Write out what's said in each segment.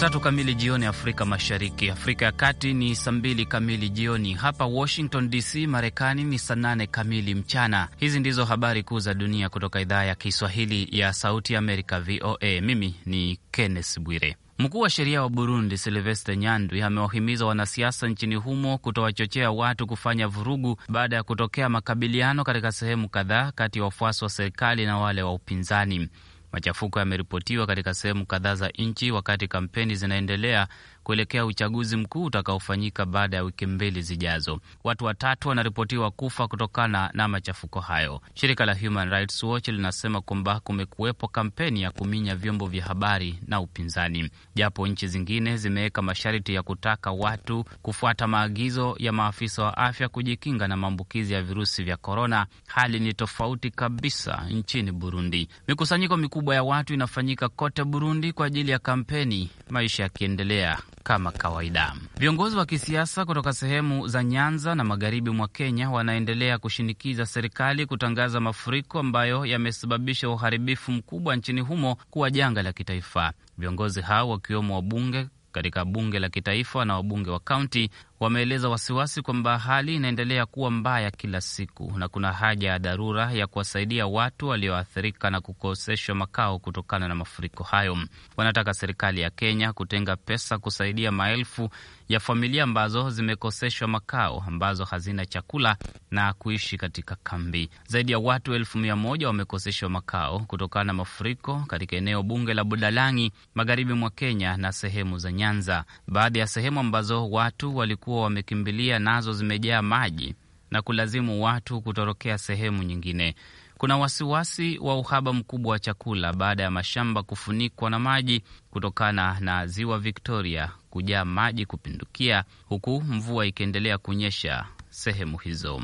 tatu kamili jioni Afrika Mashariki, Afrika ya Kati ni saa mbili kamili jioni. Hapa Washington DC, Marekani ni saa nane kamili mchana. Hizi ndizo habari kuu za dunia kutoka idhaa ya Kiswahili ya Sauti Amerika, VOA. Mimi ni Kenneth Bwire. Mkuu wa sheria wa Burundi Silvestre Nyandwi amewahimiza wanasiasa nchini humo kutowachochea watu kufanya vurugu baada ya kutokea makabiliano katika sehemu kadhaa kati ya wafuasi wa serikali na wale wa upinzani. Machafuko yameripotiwa katika sehemu kadhaa za nchi wakati kampeni zinaendelea kuelekea uchaguzi mkuu utakaofanyika baada ya wiki mbili zijazo. Watu watatu wanaripotiwa kufa kutokana na machafuko hayo. Shirika la Human Rights Watch linasema kwamba kumekuwepo kampeni ya kuminya vyombo vya habari na upinzani, japo nchi zingine zimeweka masharti ya kutaka watu kufuata maagizo ya maafisa wa afya kujikinga na maambukizi ya virusi vya korona. Hali ni tofauti kabisa nchini Burundi. Mikusanyiko mikubwa ya watu inafanyika kote Burundi kwa ajili ya kampeni, maisha yakiendelea kama kawaida. Viongozi wa kisiasa kutoka sehemu za Nyanza na magharibi mwa Kenya wanaendelea kushinikiza serikali kutangaza mafuriko ambayo yamesababisha uharibifu mkubwa nchini humo kuwa janga la kitaifa. Viongozi hao wakiwemo wabunge katika bunge la kitaifa na wabunge wa kaunti wameeleza wasiwasi kwamba hali inaendelea kuwa mbaya kila siku na kuna haja ya dharura ya kuwasaidia watu walioathirika na kukoseshwa makao kutokana na mafuriko hayo. Wanataka serikali ya Kenya kutenga pesa kusaidia maelfu ya familia ambazo zimekoseshwa makao, ambazo hazina chakula na kuishi katika kambi. Zaidi ya watu elfu mia moja wamekoseshwa makao kutokana na mafuriko katika eneo bunge la Budalangi, magharibi mwa Kenya na sehemu za Nyanza. Baadhi ya sehemu ambazo watu walikuwa walikuwa wamekimbilia nazo zimejaa maji na kulazimu watu kutorokea sehemu nyingine. Kuna wasiwasi wa uhaba mkubwa wa chakula baada ya mashamba kufunikwa na maji kutokana na ziwa Victoria kujaa maji kupindukia, huku mvua ikiendelea kunyesha sehemu hizo.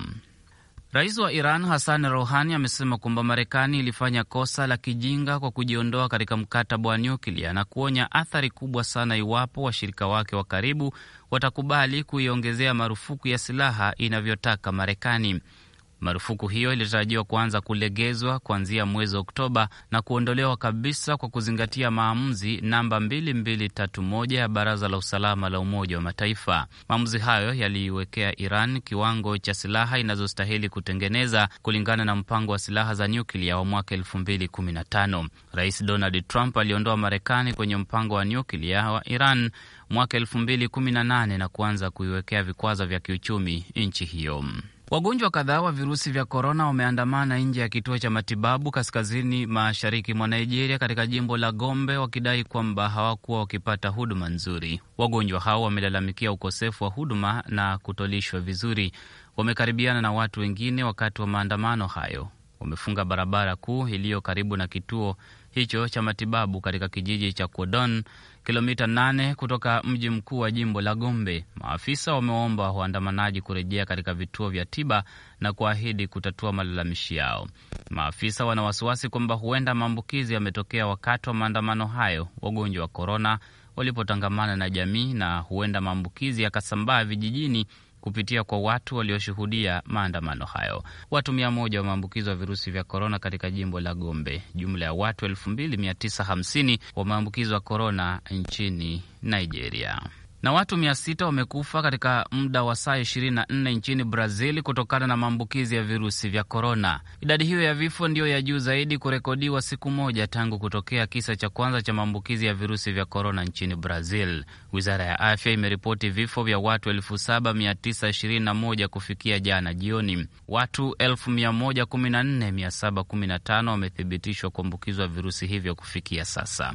Rais wa Iran Hassan Rouhani amesema kwamba Marekani ilifanya kosa la kijinga kwa kujiondoa katika mkataba wa nyuklia na kuonya athari kubwa sana iwapo washirika wake wa karibu watakubali kuiongezea marufuku ya silaha inavyotaka Marekani. Marufuku hiyo ilitarajiwa kuanza kulegezwa kuanzia mwezi Oktoba na kuondolewa kabisa kwa kuzingatia maamuzi namba 2231 ya Baraza la Usalama la Umoja wa Mataifa. Maamuzi hayo yaliiwekea Iran kiwango cha silaha inazostahili kutengeneza kulingana na mpango wa silaha za nyuklia wa mwaka 2015. Rais Donald Trump aliondoa Marekani kwenye mpango wa nyuklia wa Iran mwaka 2018 na kuanza kuiwekea vikwazo vya kiuchumi nchi hiyo. Wagonjwa kadhaa wa virusi vya korona wameandamana nje ya kituo cha matibabu kaskazini mashariki mwa Nigeria, katika jimbo la Gombe, wakidai kwamba hawakuwa wakipata huduma nzuri. Wagonjwa hao wamelalamikia ukosefu wa huduma na kutolishwa vizuri. Wamekaribiana na watu wengine wakati wa maandamano hayo. Wamefunga barabara kuu iliyo karibu na kituo hicho cha matibabu katika kijiji cha Kodon, kilomita 8 kutoka mji mkuu wa jimbo la Gombe. Maafisa wameomba waandamanaji kurejea katika vituo vya tiba na kuahidi kutatua malalamishi yao. Maafisa wana wasiwasi kwamba huenda maambukizi yametokea wakati wa maandamano hayo, wagonjwa wa korona walipotangamana na jamii, na huenda maambukizi yakasambaa vijijini kupitia kwa watu walioshuhudia maandamano hayo. Watu mia moja wameambukizwa virusi vya korona katika jimbo la Gombe. Jumla ya watu elfu mbili mia tisa hamsini wameambukizwa korona nchini Nigeria na watu mia sita wamekufa katika muda wa saa 24 nchini Brazil kutokana na maambukizi ya virusi vya korona. Idadi hiyo ya vifo ndiyo ya juu zaidi kurekodiwa siku moja tangu kutokea kisa cha kwanza cha maambukizi ya virusi vya korona nchini Brazil. Wizara ya afya imeripoti vifo vya watu 7921 kufikia jana jioni. Watu 114715 wamethibitishwa kuambukizwa virusi hivyo kufikia sasa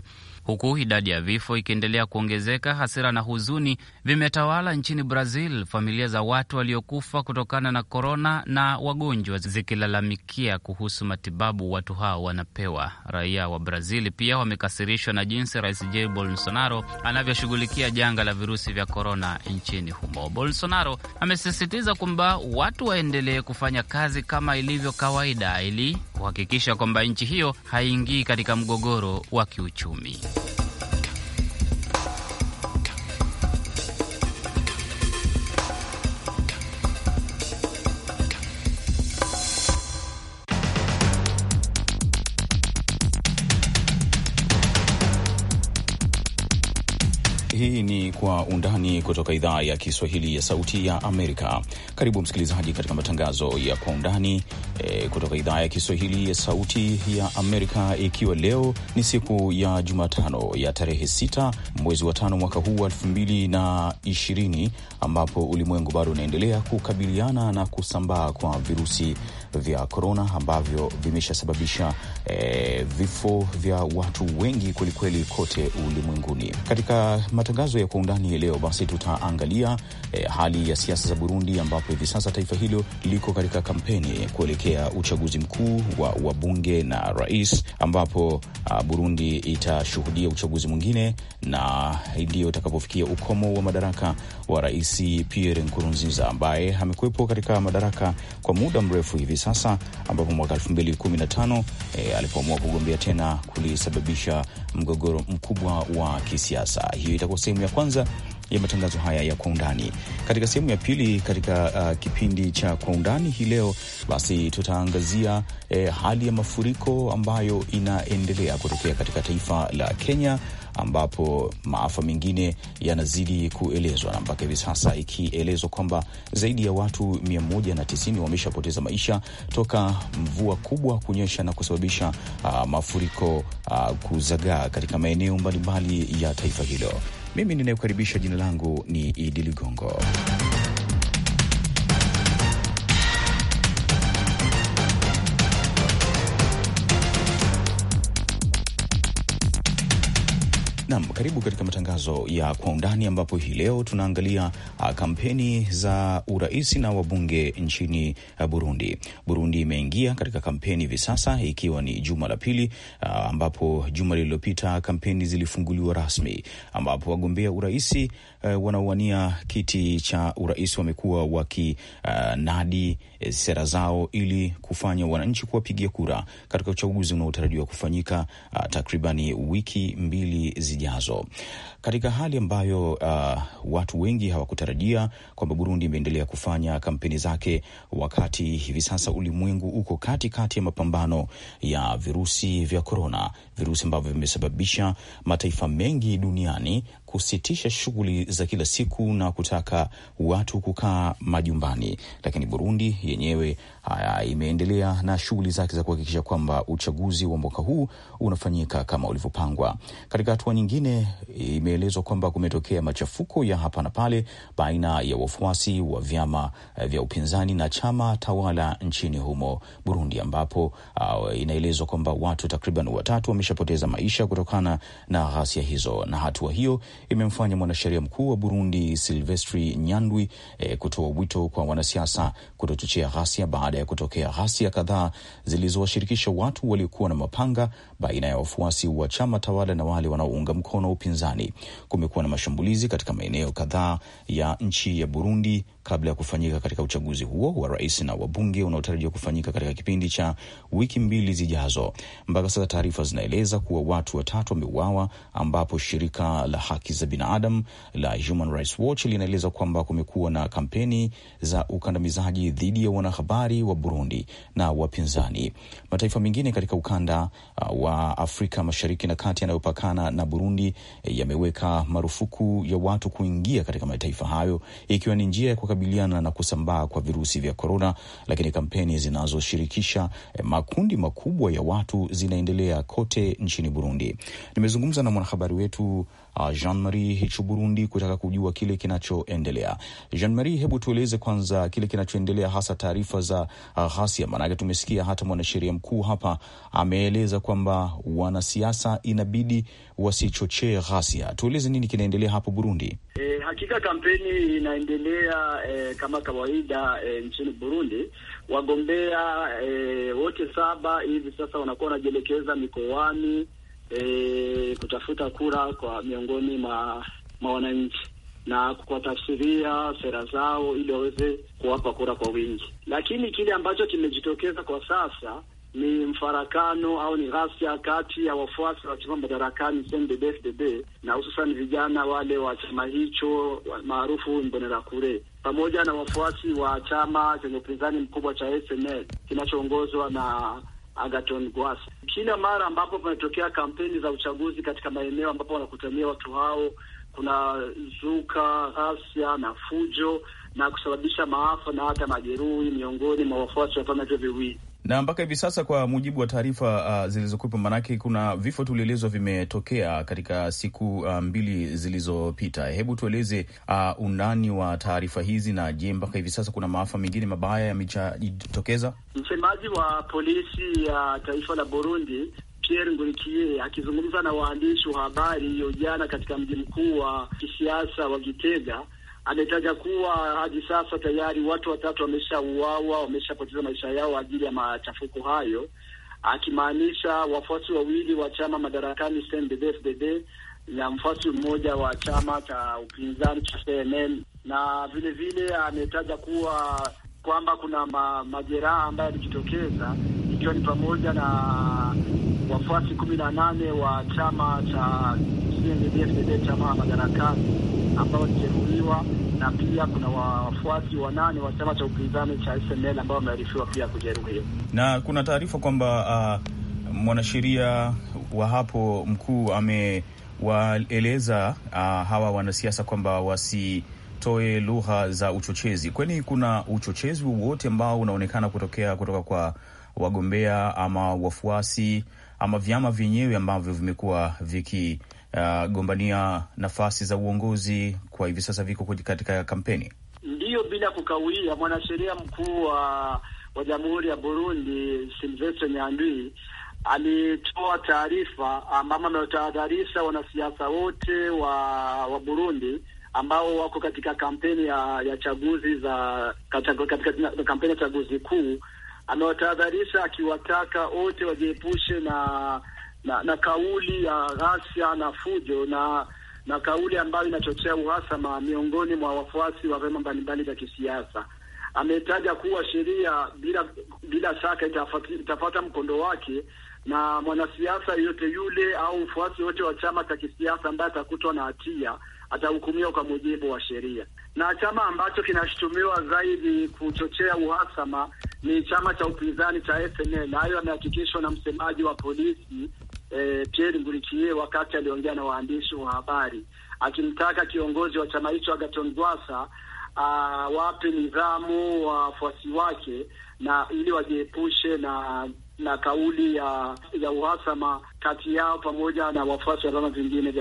huku idadi ya vifo ikiendelea kuongezeka. Hasira na huzuni vimetawala nchini Brazil, familia za watu waliokufa kutokana na korona na wagonjwa zikilalamikia kuhusu matibabu watu hao wanapewa. Raia wa Brazil pia wamekasirishwa na jinsi Rais Jair Bolsonaro anavyoshughulikia janga la virusi vya korona nchini humo. Bolsonaro amesisitiza kwamba watu waendelee kufanya kazi kama ilivyo kawaida ili kuhakikisha kwamba nchi hiyo haiingii katika mgogoro wa kiuchumi. kwa undani kutoka idhaa ya Kiswahili ya Sauti ya Amerika. Karibu msikilizaji katika matangazo ya kwa undani e, kutoka idhaa ya Kiswahili ya Sauti ya Amerika, ikiwa leo ni siku ya Jumatano ya tarehe 6 mwezi wa tano mwaka huu wa elfu na ishirini ambapo ulimwengu bado unaendelea kukabiliana na kusambaa kwa virusi vya korona ambavyo vimeshasababisha e, vifo vya watu wengi kwelikweli kote ulimwenguni. Katika matangazo ya kwa undani leo, basi tutaangalia e, hali ya siasa za Burundi ambapo hivi sasa taifa hilo liko katika kampeni kuelekea uchaguzi mkuu wa wabunge na rais, ambapo a, ah, Burundi itashuhudia uchaguzi mwingine na ndiyo itakapofikia ukomo wa madaraka wa Rais Pierre Nkurunziza ambaye amekuwepo katika madaraka kwa muda mrefu hivi sasa, ambapo mwaka 2015 e, eh, alipoamua kugombea tena kulisababisha mgogoro mkubwa wa kisiasa. Hiyo itakuwa sehemu ya kwanza ya matangazo haya ya kwa undani. Katika sehemu ya pili katika uh, kipindi cha kwa undani hii leo, basi tutaangazia eh, hali ya mafuriko ambayo inaendelea kutokea katika taifa la Kenya ambapo maafa mengine yanazidi kuelezwa, na mpaka hivi sasa ikielezwa kwamba zaidi ya watu 190 wameshapoteza maisha toka mvua kubwa kunyesha na kusababisha uh, mafuriko uh, kuzagaa katika maeneo mbalimbali ya taifa hilo. Mimi ninayekaribisha, jina langu ni Idi Ligongo. Nam, karibu katika matangazo ya kwa undani, ambapo hii leo tunaangalia ah, kampeni za urais na wabunge nchini ah, Burundi. Burundi imeingia katika kampeni hivi sasa, ikiwa ni juma la pili, ah, ambapo juma lililopita kampeni zilifunguliwa rasmi, ambapo wagombea urais eh, wanaowania kiti cha urais wamekuwa wakinadi eh, sera zao ili kufanya wananchi kuwapigia kura katika uchaguzi unaotarajiwa kufanyika takribani wiki mbili zijazo zijazo katika hali ambayo uh, watu wengi hawakutarajia kwamba Burundi imeendelea kufanya kampeni zake wakati hivi sasa ulimwengu uko katikati kati ya mapambano ya virusi vya korona, virusi ambavyo vimesababisha mataifa mengi duniani kusitisha shughuli za kila siku na kutaka watu kukaa majumbani, lakini Burundi yenyewe haya, uh, imeendelea na shughuli zake za kuhakikisha kwamba uchaguzi wa mwaka huu unafanyika kama ulivyopangwa. Katika hatua nyingine ime imeelezwa kwamba kumetokea machafuko ya hapa na pale baina ya wafuasi wa vyama eh, vya upinzani na chama tawala nchini humo Burundi, ambapo uh, inaelezwa kwamba watu takriban watatu wameshapoteza maisha kutokana na ghasia hizo, na hatua hiyo imemfanya mwanasheria mkuu wa Burundi Silvestri Nyandwi eh, kutoa wito kwa wanasiasa kutochochea ghasia baada ya kutokea ghasia kadhaa zilizowashirikisha watu waliokuwa na mapanga baina ya wafuasi wa chama tawala na wale wanaounga mkono upinzani. Kumekuwa na mashambulizi katika maeneo kadhaa ya nchi ya Burundi kabla ya kufanyika katika uchaguzi huo wa rais na wabunge unaotarajiwa kufanyika katika kipindi cha wiki mbili zijazo. Mpaka sasa taarifa zinaeleza kuwa watu watatu wameuawa, ambapo shirika la haki za binadamu la Human Rights Watch linaeleza kwamba kumekuwa na kampeni za ukandamizaji dhidi ya wanahabari wa Burundi na wapinzani. Mataifa mengine katika ukanda uh, wa Afrika Mashariki na Kati yanayopakana na Burundi eh, yameweka marufuku ya watu kuingia katika mataifa hayo ikiwa ni njia ya kukabiliana na kusambaa kwa virusi vya korona, lakini kampeni zinazoshirikisha eh, makundi makubwa ya watu zinaendelea kote nchini Burundi. Nimezungumza na mwanahabari wetu Ah, Jean Marie hicho Burundi kutaka kujua kile kinachoendelea. Jean Marie, hebu tueleze kwanza kile kinachoendelea, hasa taarifa za ah, ghasia maanake tumesikia hata mwanasheria mkuu hapa ameeleza kwamba wanasiasa inabidi wasichochee ghasia. Tueleze nini kinaendelea hapo Burundi? E, hakika kampeni inaendelea e, kama kawaida e, nchini Burundi wagombea e, wote saba hivi sasa wanakuwa wanajielekeza mikoani e, kutafuta kura kwa miongoni mwa wananchi na kuwatafsiria sera zao ili waweze kuwapa kura kwa wingi. Lakini kile ambacho kimejitokeza kwa sasa ni mfarakano au ni ghasia kati ya wafuasi wa chama madarakani CNDD-FDD na hususan vijana wale wa chama hicho maarufu Imbonerakure pamoja na wafuasi wa chama chenye upinzani mkubwa cha SNL kinachoongozwa na Agaton Gwaso. Kila mara ambapo panatokea kampeni za uchaguzi katika maeneo ambapo wanakutania watu hao, kuna zuka ghasia na fujo na kusababisha maafa na hata majeruhi miongoni mwa wafuasi wa vyama hivyo viwili na mpaka hivi sasa kwa mujibu wa taarifa uh, zilizokuwepo, maanake kuna vifo tulielezwa vimetokea katika siku uh, mbili zilizopita. Hebu tueleze uh, undani wa taarifa hizi, na je, mpaka hivi sasa kuna maafa mengine mabaya yamejitokeza? Msemaji wa polisi ya uh, taifa la Burundi Pierre Ngurikiye akizungumza na waandishi wa habari hiyo jana katika mji mkuu wa kisiasa wa Gitega ametaja kuwa hadi sasa tayari watu watatu wameshauawa, wameshapoteza maisha yao ajili ya machafuko hayo, akimaanisha wafuasi wawili wa chama madarakani CNDD-FDD na mfuasi mmoja wa chama cha upinzani cha CNN, na vile vile ametaja kuwa kwamba kuna ma, majeraha ambayo yalijitokeza ikiwa ni pamoja na wafuasi kumi na nane wa chama cha CNDD-FDD chama madarakani ambao walijeruhiwa na pia kuna wafuasi wanane wa chama cha upinzani cha SML ambao wamearifiwa pia kujeruhiwa, na kuna taarifa kwamba uh, mwanasheria wa hapo mkuu amewaeleza uh, hawa wanasiasa kwamba wasitoe lugha za uchochezi. Kwani kuna uchochezi wowote ambao unaonekana kutokea kutoka kwa wagombea ama wafuasi ama vyama vyenyewe ambavyo vimekuwa vikigombania uh, nafasi za uongozi kwa hivi sasa viko katika kampeni. Ndiyo, bila kukawia, mwanasheria mkuu wa wa Jamhuri ya Burundi Silvestre Nyandwi alitoa taarifa ambamo ametahadharisha wanasiasa wote wa wa Burundi ambao wako katika kampeni ya, ya chaguzi za katika, katika kampeni ya chaguzi kuu amewatahadharisha akiwataka wote wajiepushe na, na na kauli ya ghasia na fujo na na kauli ambayo inachochea uhasama miongoni mwa wafuasi wa vyama mbalimbali vya kisiasa. Ametaja kuwa sheria bila bila shaka itafata mkondo wake, na mwanasiasa yeyote yule au mfuasi yoyote wa chama cha kisiasa ambaye atakutwa na hatia atahukumiwa kwa mujibu wa sheria. Na chama ambacho kinashutumiwa zaidi kuchochea uhasama ni chama cha upinzani cha FNL. Hayo amehakikishwa na msemaji wa polisi eh, Pierre Ngurikiye wakati aliongea na waandishi wa habari akimtaka kiongozi wa chama hicho Agathon Rwasa ah, wape nidhamu wafuasi wake na ili wajiepushe na na kauli ya ya uhasama kati yao pamoja na wafuasi wa vyama vingine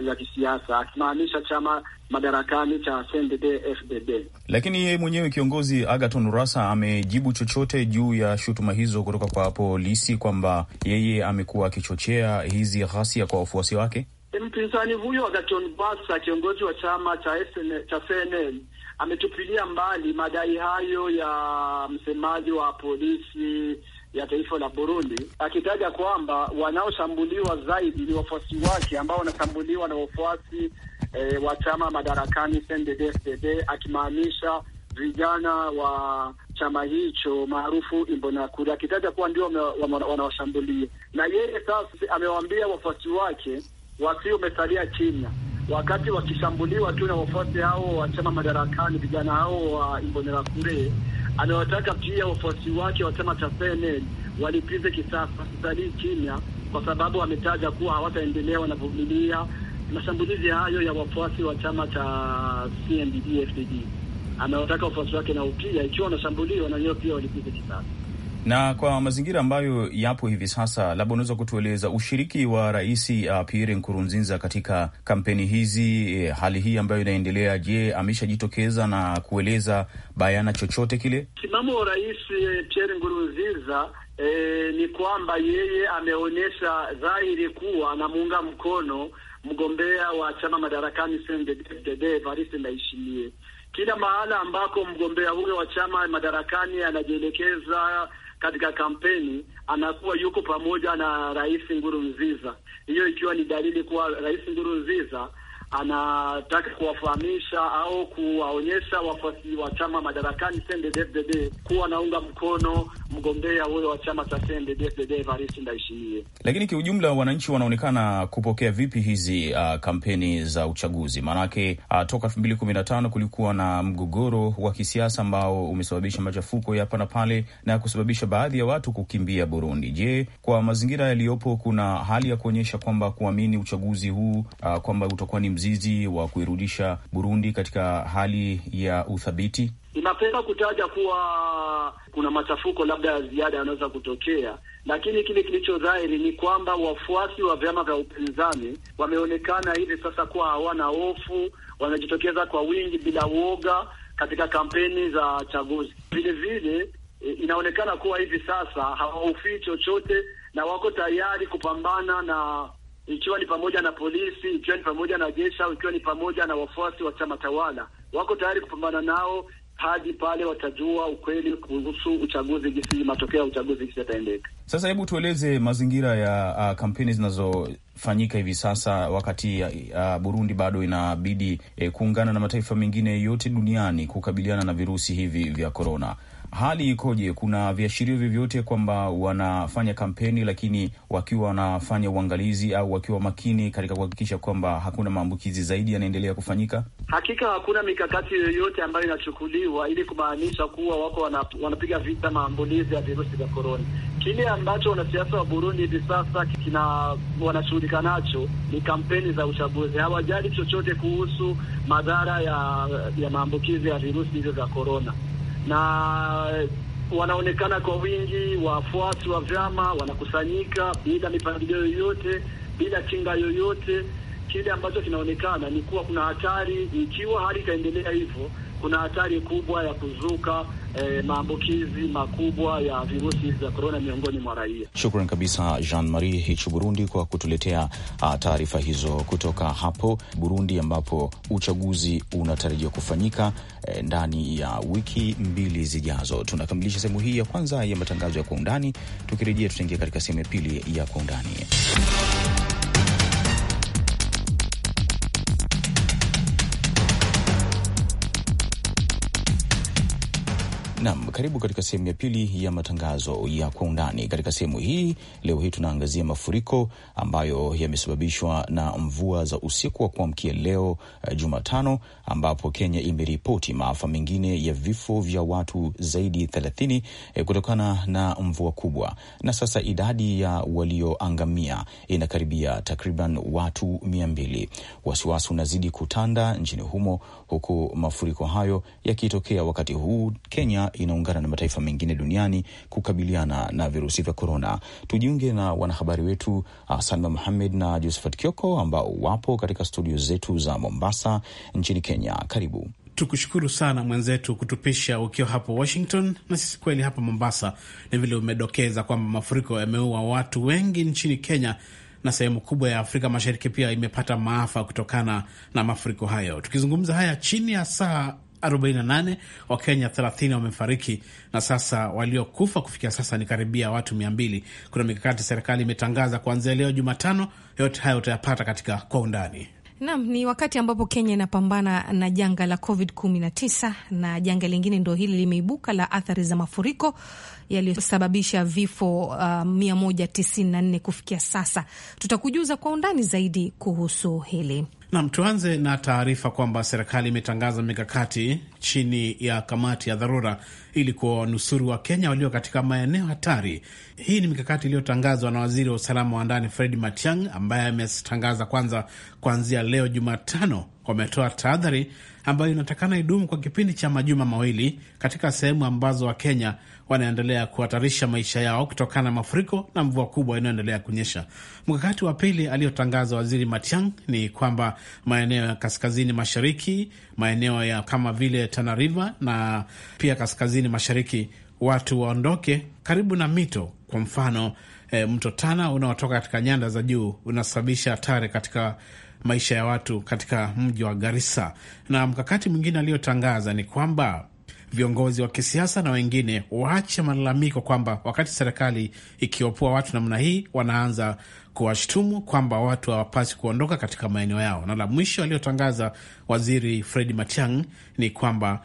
vya kisiasa, akimaanisha chama madarakani cha CNDD-FDD. Lakini yeye mwenyewe kiongozi agaton rasa amejibu chochote juu ya shutuma hizo kutoka kwa polisi kwamba yeye amekuwa akichochea hizi ghasia kwa wafuasi wake? Mpinzani huyo wa basa kiongozi wa chama cha SN, cha CNN ametupilia mbali madai hayo ya msemaji wa polisi ya taifa la Burundi, akitaja kwamba wanaoshambuliwa zaidi ni wafuasi wake ambao wanashambuliwa na wafuasi e, wa chama madarakani CNDD-FDD, akimaanisha vijana wa chama hicho maarufu Imbonerakure, akitaja kuwa ndio wanaoshambulia, na yeye sasa amewaambia wafuasi wake wasio umesalia chini, wakati wakishambuliwa tu na wafuasi hao wa chama madarakani, vijana hao wa kure anawataka pia wafuasi wake wa chama cha FNL walipize kisasi, wasisalii chini, kwa sababu ametaja kuwa hawataendelea wanavumilia mashambulizi hayo ya wafuasi wa chama cha CNDD-FDD. Amewataka wafuasi wake nao pia, ikiwa wanashambuliwa na hiyo pia walipize kisasi. Na kwa mazingira ambayo yapo hivi sasa, labda unaweza kutueleza ushiriki wa Rais uh, Pierre Nkurunziza katika kampeni hizi, eh, hali hii ambayo inaendelea. Je, ameshajitokeza na kueleza bayana chochote kile? Msimamo wa Rais eh, Pierre Nkurunziza eh, ni kwamba yeye ameonyesha dhahiri kuwa anamuunga mkono mgombea wa chama madarakani CNDD-FDD Evariste Ndayishimiye kila mahala ambako mgombea huyo wa chama madarakani anajielekeza katika kampeni anakuwa yuko pamoja na Rais Nziza, hiyo ikiwa ni dalili kuwa Rais Nziza anataka kuwafahamisha au kuwaonyesha wafuasi wa chama madarakani CNDD-FDD kuwa anaunga mkono mgombea huyo wa chama cha CNDD-FDD Evariste Ndayishimiye. Lakini kiujumla, wananchi wanaonekana kupokea vipi hizi uh, kampeni za uchaguzi? Maanake uh, toka elfu mbili kumi na tano kulikuwa na mgogoro wa kisiasa ambao umesababisha machafuko ya hapa na pale na kusababisha baadhi ya watu kukimbia Burundi. Je, kwa mazingira yaliyopo kuna hali ya kuonyesha kwamba kuamini uchaguzi huu uh, kwamba utakuwa ni mzizi wa kuirudisha Burundi katika hali ya uthabiti? Inapenda kutaja kuwa kuna machafuko labda ya ziada yanaweza kutokea, lakini kile kilicho dhahiri ni kwamba wafuasi wa vyama vya upinzani wameonekana hivi sasa kuwa hawana hofu, wanajitokeza kwa wingi bila woga katika kampeni za chaguzi. Vile vile e, inaonekana kuwa hivi sasa hawahofii chochote na wako tayari kupambana na ikiwa ni pamoja na polisi, ikiwa ni pamoja na jeshi au ikiwa ni pamoja na wafuasi wa chama tawala, wako tayari kupambana nao hadi pale watajua ukweli kuhusu uchaguzi, jinsi matokeo ya uchaguzi jinsi yataendeka. Sasa hebu tueleze mazingira ya uh, kampeni zinazofanyika hivi sasa, wakati uh, Burundi bado inabidi eh, kuungana na mataifa mengine yote duniani kukabiliana na virusi hivi vya korona hali ikoje? Kuna viashirio vyovyote kwamba wanafanya kampeni, lakini wakiwa wanafanya uangalizi au wakiwa makini katika kuhakikisha kwamba hakuna maambukizi zaidi yanaendelea kufanyika? Hakika hakuna mikakati yoyote ambayo inachukuliwa ili kumaanisha kuwa wako wanapiga vita maambulizi ya virusi vya korona. Kile ambacho wanasiasa wa Burundi hivi sasa kina wanashughulika nacho ni kampeni za uchaguzi. Hawajali chochote kuhusu madhara ya, ya maambukizi ya virusi hivyo vya korona na wanaonekana kwa wingi, wafuasi wa vyama wanakusanyika bila mipangilio yoyote, bila kinga yoyote. Kile ambacho kinaonekana ni kuwa kuna hatari ikiwa hali itaendelea hivyo kuna hatari kubwa ya kuzuka eh, maambukizi makubwa ya virusi vya korona miongoni mwa raia. Shukran kabisa Jean Marie Hichu Burundi kwa kutuletea ah, taarifa hizo kutoka hapo Burundi, ambapo uchaguzi unatarajiwa kufanyika eh, ndani ya wiki mbili zijazo. Tunakamilisha sehemu hii ya kwanza ya matangazo ya kwa undani. Tukirejea tutaingia katika sehemu ya pili ya kwa undani. Nam, karibu katika sehemu ya pili ya matangazo ya kwa undani. Katika sehemu hii leo hii tunaangazia mafuriko ambayo yamesababishwa na mvua za usiku wa kuamkia leo uh, Jumatano, ambapo Kenya imeripoti maafa mengine ya vifo vya watu zaidi thelathini eh, kutokana na mvua kubwa, na sasa idadi ya walioangamia inakaribia takriban watu mia mbili. Wasiwasi unazidi kutanda nchini humo huku mafuriko hayo yakitokea wakati huu Kenya inaungana na mataifa mengine duniani kukabiliana na virusi vya korona. Tujiunge na wanahabari wetu uh, Salma Muhamed na Josephat Kioko ambao wapo katika studio zetu za Mombasa nchini Kenya. Karibu. Tukushukuru sana mwenzetu kutupisha ukiwa hapo Washington na sisi kweli hapa Mombasa. ni vile umedokeza kwamba mafuriko yameua watu wengi nchini Kenya na sehemu kubwa ya Afrika Mashariki pia imepata maafa kutokana na mafuriko hayo. Tukizungumza haya chini ya saa 48 Wakenya 30 wamefariki na sasa waliokufa kufikia sasa ni karibia watu 200. Kuna mikakati serikali imetangaza kuanzia leo Jumatano. Yote hayo utayapata katika kwa undani. Naam, ni wakati ambapo Kenya inapambana na janga la COVID 19 na janga lingine ndo hili limeibuka la athari za mafuriko yaliyosababisha vifo uh, 194 kufikia sasa. Tutakujuza kwa undani zaidi kuhusu hili. Nam, tuanze na taarifa kwamba serikali imetangaza mikakati chini ya kamati ya dharura ili kuwanusuru kenya walio katika maeneo hatari. Hii ni mikakati iliyotangazwa na waziri wa usalama wa ndani Fred Matiang'i, ambaye ametangaza kwanza kuanzia leo Jumatano wametoa tahadhari ambayo inatakana idumu kwa kipindi cha majuma mawili katika sehemu ambazo Wakenya wanaendelea kuhatarisha maisha yao kutokana na mafuriko na mvua kubwa inayoendelea kunyesha. Mkakati wa pili aliyotangaza Waziri Matiang ni kwamba maeneo ya kaskazini mashariki, maeneo ya kama vile Tana River na pia kaskazini mashariki, watu waondoke karibu na mito. Kwa mfano e, mto Tana unaotoka katika nyanda za juu unasababisha hatari katika maisha ya watu katika mji wa Garissa. Na mkakati mwingine aliyotangaza ni kwamba viongozi wa kisiasa na wengine waache malalamiko kwamba wakati serikali ikiopoa watu namna hii wanaanza kuwashtumu kwamba watu hawapasi kuondoka katika maeneo yao. Na la mwisho aliyotangaza waziri Fredi matiang ni kwamba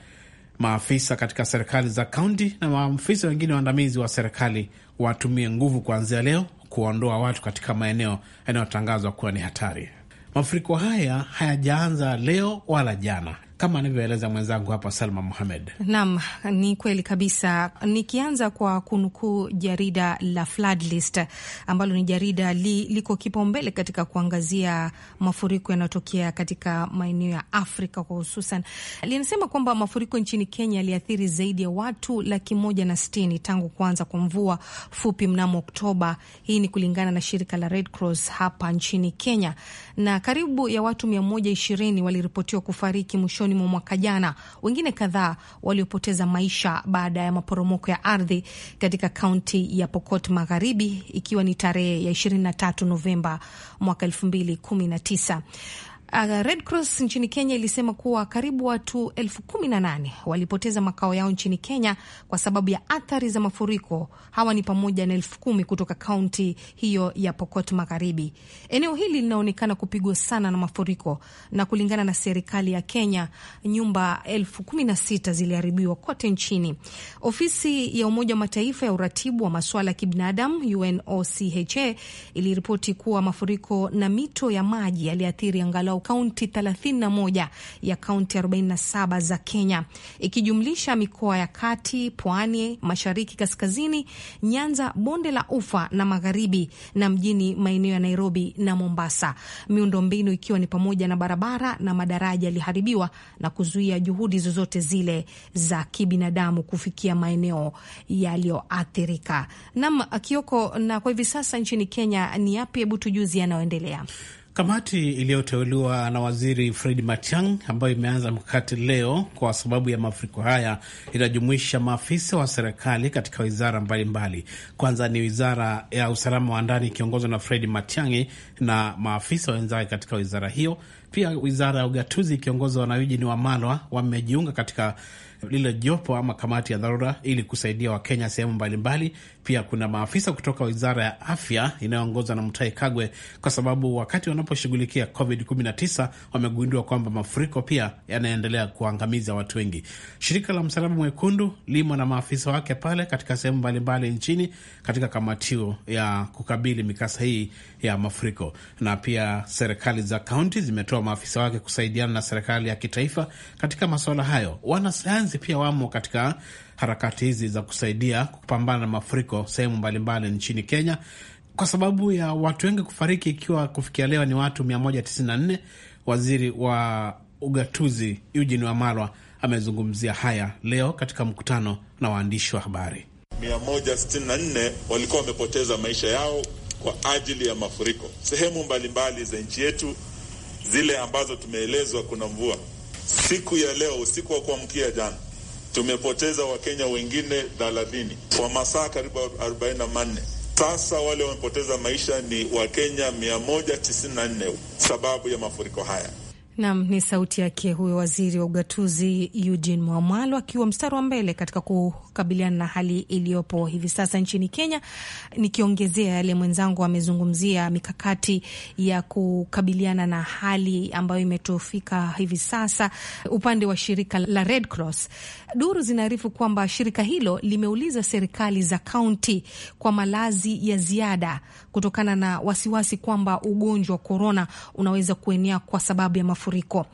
maafisa katika serikali za kaunti na maafisa wengine waandamizi wa serikali watumie nguvu kuanzia leo kuwaondoa watu katika maeneo yanayotangazwa kuwa ni hatari. Mafuriko haya hayajaanza leo wala jana, kama anavyoeleza mwenzangu hapa Salma Muhamed. Naam, ni kweli kabisa. Nikianza kwa kunukuu jarida la Floodlist ambalo ni jarida li, liko kipaumbele katika kuangazia mafuriko yanayotokea katika maeneo ya Afrika kwa hususan, linasema kwamba mafuriko nchini Kenya yaliathiri zaidi ya watu laki moja na sitini tangu kuanza kwa mvua fupi mnamo Oktoba. Hii ni kulingana na shirika la Red Cross hapa nchini Kenya, na karibu ya watu mia moja ishirini waliripotiwa kufariki mwisho mwishoni mwa mwaka jana, wengine kadhaa waliopoteza maisha baada ya maporomoko ya ardhi katika kaunti ya Pokot Magharibi, ikiwa ni tarehe ya 23 Novemba mwaka 2019. Ah, Red Cross nchini Kenya ilisema kuwa karibu watu elfu kumi na nane walipoteza makao yao nchini Kenya kwa sababu ya athari za mafuriko. Hawa ni pamoja na elfu kumi kutoka kaunti hiyo ya Pokot Magharibi. Eneo hili linaonekana kupigwa sana na mafuriko, na kulingana na serikali ya Kenya, nyumba elfu kumi na sita ziliharibiwa kote nchini. Ofisi ya Umoja wa Mataifa ya uratibu wa masuala ya kibinadamu UNOCHA iliripoti kuwa mafuriko na mito ya maji yaliathiri angalau angalau kaunti 31 ya kaunti 47 za Kenya, ikijumlisha mikoa ya kati, pwani, mashariki, kaskazini, Nyanza, bonde la Ufa na magharibi, na mjini maeneo ya Nairobi na Mombasa, miundombinu ikiwa ni pamoja na barabara na madaraja yaliharibiwa na kuzuia juhudi zozote zile za kibinadamu kufikia maeneo yaliyoathirika. Nam Kioko, na kwa hivi sasa nchini Kenya ni yapi? Hebu tujuzi yanayoendelea. Kamati iliyoteuliwa na waziri Fred Matiang'i, ambayo imeanza mkakati leo kwa sababu ya mafuriko haya, inajumuisha maafisa wa serikali katika wizara mbalimbali mbali. Kwanza ni wizara ya usalama wa ndani ikiongozwa na Fred Matiang'i na maafisa wenzake katika wizara hiyo. Pia wizara ya ugatuzi ikiongozwa na Eugene Wamalwa wamejiunga katika lile jopo ama kamati ya dharura ili kusaidia Wakenya sehemu mbalimbali, pia kuna maafisa kutoka wizara ya afya inayoongozwa na mtai Kagwe, kwa sababu wakati wanaposhughulikia COVID-19 wamegundua kwamba mafuriko pia yanaendelea kuangamiza watu wengi. Shirika la Msalaba Mwekundu limo na maafisa wake pale katika sehemu mbalimbali nchini katika kamatio ya kukabili mikasa hii ya mafuriko, na pia serikali za kaunti zimetoa maafisa wake kusaidiana na serikali ya kitaifa katika masuala hayo. Wanasayansi pia wamo katika harakati hizi za kusaidia kupambana na mafuriko sehemu mbalimbali nchini Kenya, kwa sababu ya watu wengi kufariki, ikiwa kufikia leo ni watu 194. Waziri wa ugatuzi Eugene Wamalwa amezungumzia haya leo katika mkutano na waandishi wa habari. 164 walikuwa wamepoteza maisha yao kwa ajili ya mafuriko sehemu mbalimbali za nchi yetu, zile ambazo tumeelezwa kuna mvua. Siku ya leo, usiku wa kuamkia jana, tumepoteza Wakenya wengine thelathini kwa masaa karibu arobaini na manne. Sasa wale wamepoteza maisha ni Wakenya 194 sababu ya mafuriko haya. Nam ni sauti yake huyo waziri wa ugatuzi Eugene Mwamwalo akiwa mstari wa mbele katika kukabiliana na hali iliyopo hivi sasa nchini Kenya, nikiongezea yale mwenzangu amezungumzia mikakati ya kukabiliana na hali ambayo imetofika hivi sasa upande wa shirika la Red Cross. Duru zinaarifu kwamba shirika hilo limeuliza serikali za kaunti kwa malazi ya ziada kutokana na wasiwasi kwamba ugonjwa wa korona unaweza kuenea kwa sababu ya mafuriko.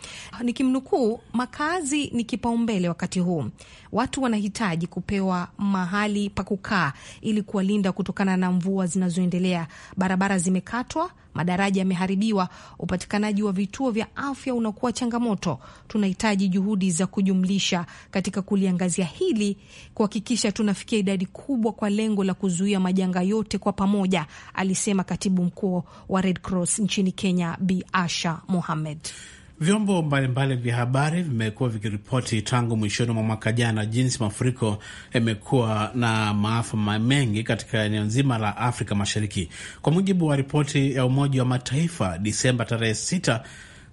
Nikimnukuu, makazi ni kipaumbele wakati huu, watu wanahitaji kupewa mahali pa kukaa ili kuwalinda kutokana na mvua zinazoendelea. Barabara zimekatwa madaraja yameharibiwa, upatikanaji wa vituo vya afya unakuwa changamoto. Tunahitaji juhudi za kujumlisha katika kuliangazia hili, kuhakikisha tunafikia idadi kubwa kwa lengo la kuzuia majanga yote kwa pamoja, alisema katibu mkuu wa Red Cross nchini Kenya, Bi Asha Mohamed. Vyombo mbalimbali vya habari vimekuwa vikiripoti tangu mwishoni mwa mwaka jana jinsi mafuriko yamekuwa na maafa mengi katika eneo nzima la Afrika Mashariki. Kwa mujibu wa ripoti ya Umoja wa Mataifa Disemba tarehe 6,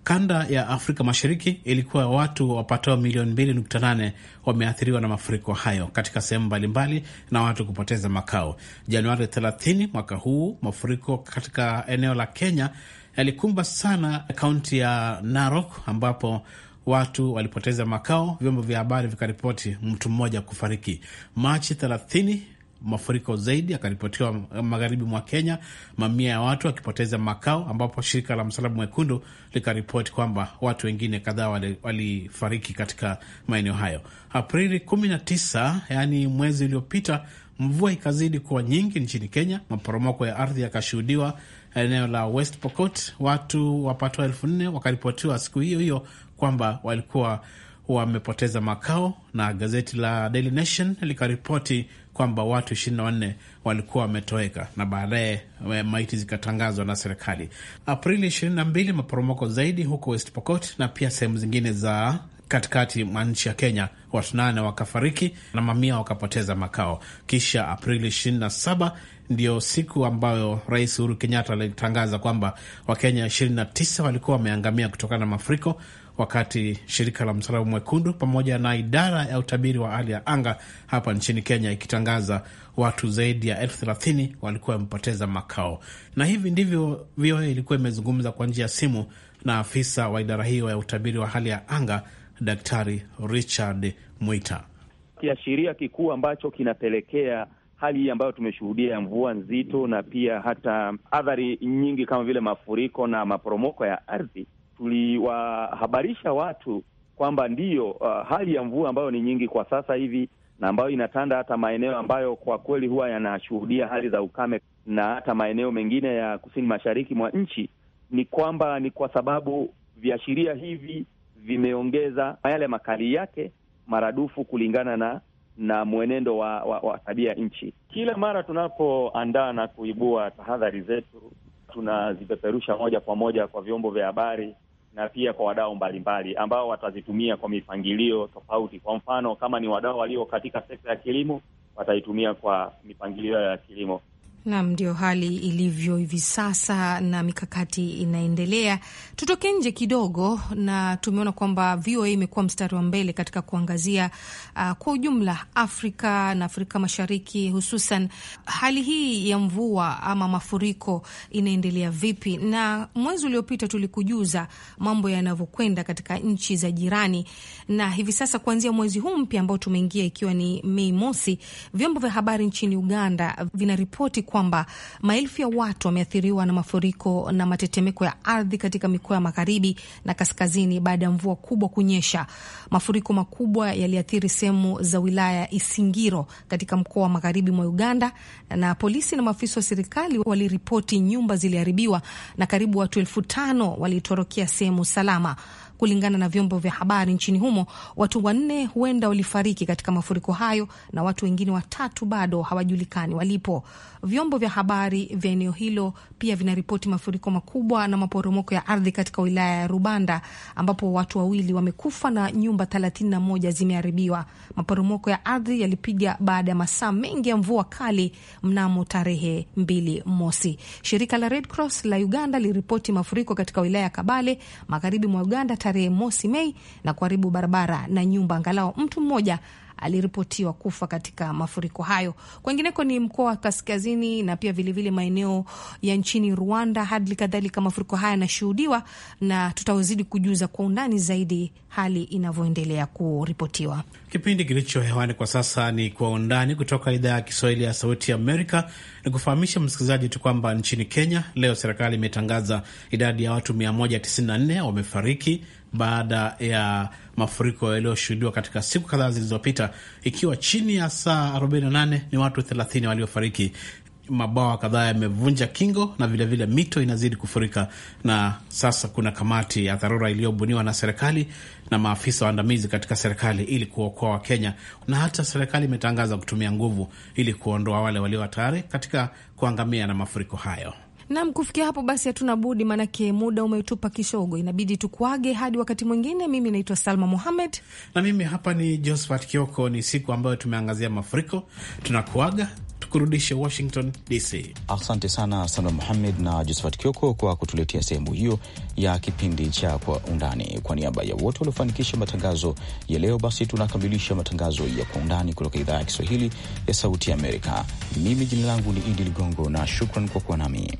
kanda ya Afrika Mashariki ilikuwa watu wapatao milioni 2.8 wameathiriwa na mafuriko hayo katika sehemu mbalimbali na watu kupoteza makao. Januari 30 mwaka huu, mafuriko katika eneo la Kenya yalikumba sana kaunti ya Narok ambapo watu walipoteza makao, vyombo vya habari vikaripoti mtu mmoja kufariki. Machi 30 mafuriko zaidi yakaripotiwa magharibi mwa Kenya, mamia ya watu wakipoteza makao, ambapo shirika la Msalaba Mwekundu likaripoti kwamba watu wengine kadhaa walifariki wali katika maeneo hayo. Aprili 19, yaani mwezi uliopita, mvua ikazidi kuwa nyingi nchini Kenya, maporomoko ya ardhi yakashuhudiwa eneo la West Pokot, watu wapatwa elfu nne wakaripotiwa siku hiyo hiyo kwamba walikuwa wamepoteza makao, na gazeti la Daily Nation likaripoti kwamba watu 24 walikuwa wametoweka na baadaye eh, maiti zikatangazwa na serikali. Aprili 22, maporomoko zaidi huko West Pokot na pia sehemu zingine za katikati mwa nchi ya Kenya, watu nane wakafariki na mamia wakapoteza makao. Kisha Aprili 27 ndiyo siku ambayo Rais Uhuru Kenyatta alitangaza kwamba Wakenya 29 walikuwa wameangamia kutokana na mafuriko, wakati shirika la Msalaba Mwekundu pamoja na idara ya utabiri wa hali ya anga hapa nchini Kenya ikitangaza watu zaidi ya elfu thelathini walikuwa wamepoteza makao. Na hivi ndivyo VOA ilikuwa imezungumza kwa njia ya simu na afisa wa idara hiyo ya utabiri wa hali ya anga Daktari Richard Mwita. Kiashiria kikuu ambacho kinapelekea hali hii ambayo tumeshuhudia ya mvua nzito na pia hata athari nyingi kama vile mafuriko na maporomoko ya ardhi, tuliwahabarisha watu kwamba ndiyo, uh, hali ya mvua ambayo ni nyingi kwa sasa hivi na ambayo inatanda hata maeneo ambayo kwa kweli huwa yanashuhudia hali za ukame na hata maeneo mengine ya kusini mashariki mwa nchi, ni kwamba ni kwa sababu viashiria hivi vimeongeza yale makali yake maradufu kulingana na na mwenendo wa, wa, wa tabia nchi. Kila mara tunapoandaa na kuibua tahadhari zetu, tunazipeperusha moja kwa moja kwa vyombo vya habari na pia kwa wadau mbalimbali ambao watazitumia kwa mipangilio tofauti. Kwa mfano, kama ni wadau walio katika sekta ya kilimo, wataitumia kwa mipangilio ya kilimo. Nam, ndio hali ilivyo hivi sasa, na mikakati inaendelea. Tutoke nje kidogo, na tumeona kwamba VOA imekuwa mstari wa mbele katika kuangazia uh, kwa ujumla Afrika na Afrika Mashariki, hususan hali hii ya mvua ama mafuriko inaendelea vipi, na mwezi uliopita tulikujuza mambo yanavyokwenda katika nchi za jirani, na hivi sasa kuanzia mwezi huu mpya ambao tumeingia, ikiwa ni Mei Mosi, vyombo vya habari nchini Uganda vinaripoti kwa kwamba maelfu ya watu wameathiriwa na mafuriko na matetemeko ya ardhi katika mikoa ya magharibi na kaskazini baada ya mvua kubwa kunyesha. Mafuriko makubwa yaliathiri sehemu za wilaya ya Isingiro katika mkoa wa magharibi mwa Uganda, na polisi na maafisa wa serikali waliripoti nyumba ziliharibiwa na karibu watu elfu tano walitorokea sehemu salama. Kulingana na vyombo vya habari nchini humo, watu wanne huenda walifariki katika mafuriko hayo na watu wengine watatu bado hawajulikani walipo. Vyombo vya habari vya eneo hilo pia vinaripoti mafuriko makubwa na maporomoko ya ardhi katika wilaya ya Rubanda ambapo watu wawili wamekufa na nyumba 31 zimeharibiwa. Maporomoko ya ardhi yalipiga baada ya masaa mengi ya mvua kali mnamo tarehe mbili mosi. Shirika la Red Cross la Uganda liripoti mafuriko katika wilaya ya Kabale magharibi mwa Uganda tarehe mosi Mei na kuharibu barabara na nyumba. Angalau mtu mmoja aliripotiwa kufa katika mafuriko hayo. Kwengineko ni mkoa wa kaskazini na pia vilevile maeneo ya nchini Rwanda. Hadi kadhalika mafuriko haya yanashuhudiwa na tutazidi kujuza kwa undani zaidi hali inavyoendelea kuripotiwa. Kipindi kilicho hewani kwa sasa ni Kwa Undani kutoka idhaa ya Kiswahili ya Sauti Amerika. Ni kufahamisha msikilizaji tu kwamba nchini Kenya leo serikali imetangaza idadi ya watu 194 wamefariki baada ya mafuriko yaliyoshuhudiwa katika siku kadhaa zilizopita, ikiwa chini ya saa 48 ni watu 30 waliofariki. Mabwawa kadhaa yamevunja kingo na vilevile vile mito inazidi kufurika, na sasa kuna kamati ya dharura iliyobuniwa na serikali na maafisa waandamizi katika serikali ili kuokoa Wakenya, na hata serikali imetangaza kutumia nguvu ili kuondoa wale walio hatari katika kuangamia na mafuriko hayo. Nam, kufikia hapo basi hatuna budi, maanake muda umetupa kishogo, inabidi tukwage hadi wakati mwingine. Mimi naitwa Salma Muhamed na mimi hapa ni Josphat Kioko. Ni siku ambayo tumeangazia mafuriko, tunakuaga tukurudishe Washington DC. Asante sana Salma Muhamed na Josephat Kioko kwa kutuletea sehemu hiyo ya kipindi cha Kwa Undani. Kwa niaba ya wote waliofanikisha matangazo ya leo, basi tunakamilisha matangazo ya Kwa Undani kutoka idhaa ya Kiswahili ya Sauti ya Amerika. Mimi jina langu ni Idi Ligongo na shukran kwa kuwa nami.